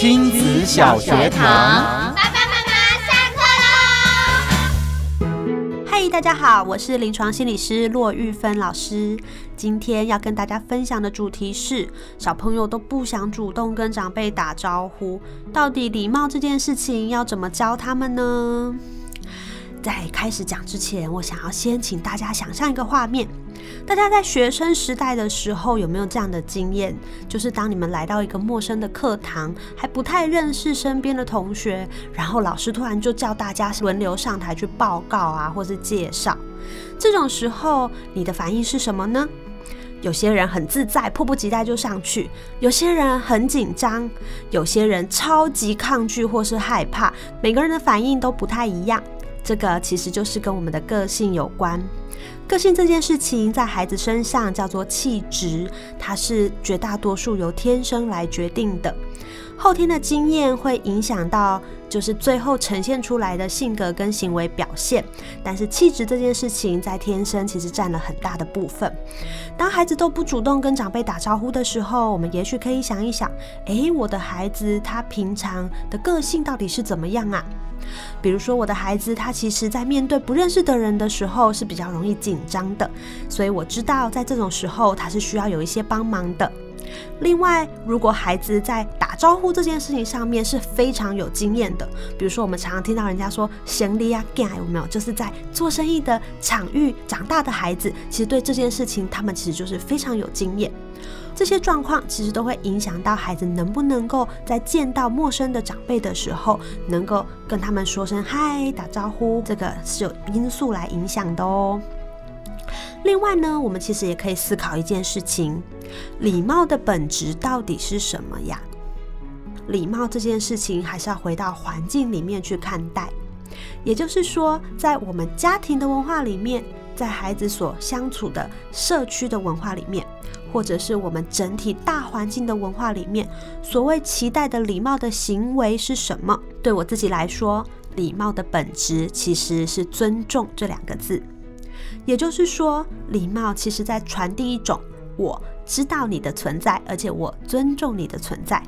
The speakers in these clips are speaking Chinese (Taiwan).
親子小學堂，爸爸媽媽下課嘍！嗨，hey, 大家好，我是臨床心理師駱郁芬老師。今天要跟大家分享的主題是：小朋友都不想主動跟長輩打招呼，到底禮貌這件事情要怎麼教他們呢？在開始講之前，我想要先請大家想象一個畫面。大家在學生時代的時候有沒有這樣的經驗？就是當你們來到一個陌生的課堂，還不太認識身邊的同學，然後老師突然就叫大家輪流上台去報告啊，或是介紹。這種時候，你的反應是什麼呢？有些人很自在，迫不及待就上去；有些人很緊張；有些人超級抗拒或是害怕。每個人的反應都不太一樣。這個其實就是跟我們的個性有關。個性這件事情在孩子身上叫做氣質，它是絕大多數由天生來決定的。後天的經驗會影響到，就是最後呈現出來的性格跟行為表現。但是氣質這件事情在天生其實佔了很大的部分。當孩子都不主動跟長輩打招呼的時候，我們也許可以想一想，哎，我的孩子他平常的個性到底是怎麼樣啊？比如說，我的孩子，他其實在面對不認識的人的時候是比較容易緊張的，所以我知道在這種時候他是需要有一些幫忙的。另外，如果孩子在打招呼這件事情上面是非常有經驗的，比如說我們常常聽到人家說“兄弟啊，幹”，有沒有？就是在做生意的場域長大的孩子，其實對這件事情他們其實就是非常有經驗。這些狀況其實都會影響到孩子能不能夠在見到陌生的長輩的時候，能夠跟他們說聲“嗨”打招呼，這個是有因素來影響的哦。另外呢，我們其實也可以思考一件事情。禮貌的本質到底是什麼呀？禮貌這件事情還是要回到環境裡面去看待，也就是說，在我們家庭的文化裡面，在孩子所相處的社區的文化裡面，或者是我們整體大環境的文化裡面，所謂期待的禮貌的行為是什麼？對我自己來說，禮貌的本質其實是尊重這兩個字，也就是說，禮貌其實在傳遞一種我。知道你的存在，而且我尊重你的存在。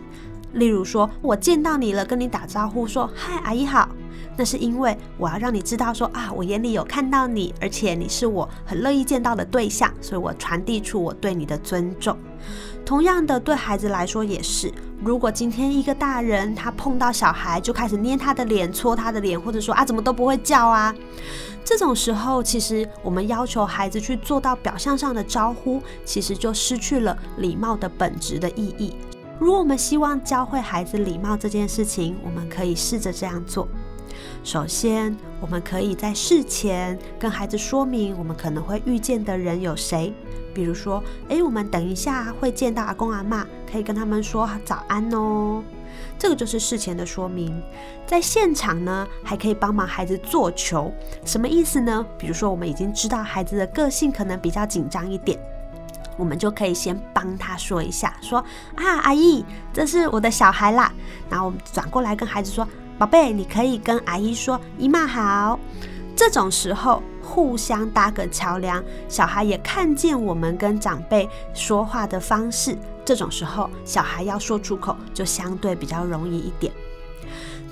例如說，我見到你了，跟你打招呼，說：“嗨，阿姨好。”那是因為我要讓你知道說，說啊，我眼裡有看到你，而且你是我很樂意見到的對象，所以，我傳遞出我對你的尊重。同樣的，對孩子來說也是。如果今天一個大人他碰到小孩，就開始捏他的臉、搓他的臉，或者說啊，怎麼都不會叫啊，這種時候，其實我們要求孩子去做到表象上的招呼，其實就失去了禮貌的本質的意義。如果我們希望教會孩子禮貌這件事情，我們可以試着這樣做。首先，我們可以在事前跟孩子說明，我們可能會遇見的人有誰。比如說，誒、欸，我們等一下會見到阿公阿嬤，可以跟他們說早安哦。這個就是事前的說明。在現場呢，還可以幫忙孩子做球。什麼意思呢？比如說，我們已經知道孩子的個性可能比較緊張一點，我們就可以先幫他說一下，說啊，阿姨，這是我的小孩啦。然後我們轉過來跟孩子說，寶貝，你可以跟阿姨說“姨媽好”。這種時候互相搭個橋梁，小孩也看見我們跟長輩說話的方式。這種時候，小孩要說出口就相對比較容易一點。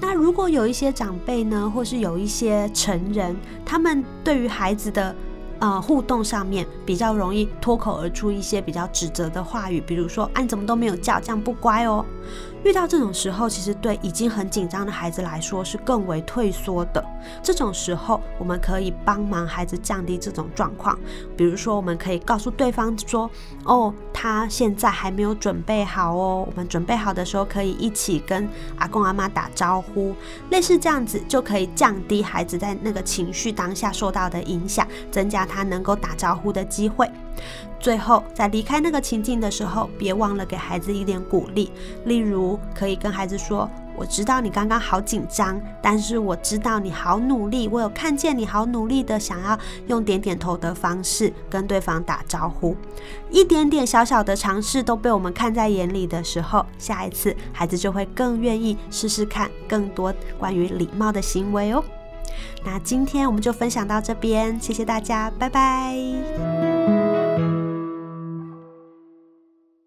那如果有一些長輩呢，或是有一些成人，他們對於孩子的呃，互動上面比較容易脫口而出一些比較指責的話語，比如說“啊，你怎麼都沒有叫，這樣不乖哦。”遇到這種時候，其實對已經很緊張的孩子來說是更為退縮的。這種時候，我們可以幫忙孩子降低這種狀況，比如說，我們可以告訴對方說：“哦。”他現在還沒有準備好哦，我們準備好的時候可以一起跟阿公阿媽打招呼，類似這樣子就可以降低孩子在那個情緒當下受到的影響，增加他能夠打招呼的機會。最後，在離開那個情境的時候，別忘了給孩子一點鼓勵。例如，可以跟孩子說：“我知道你剛剛好緊張，但是我知道你好努力，我有看見你好努力的想要用點點頭的方式跟對方打招呼。一點點小小的嘗試都被我們看在眼裡的時候，下一次孩子就會更願意試試看更多關於禮貌的行為哦。”那今天我們就分享到這邊，謝謝大家，拜拜。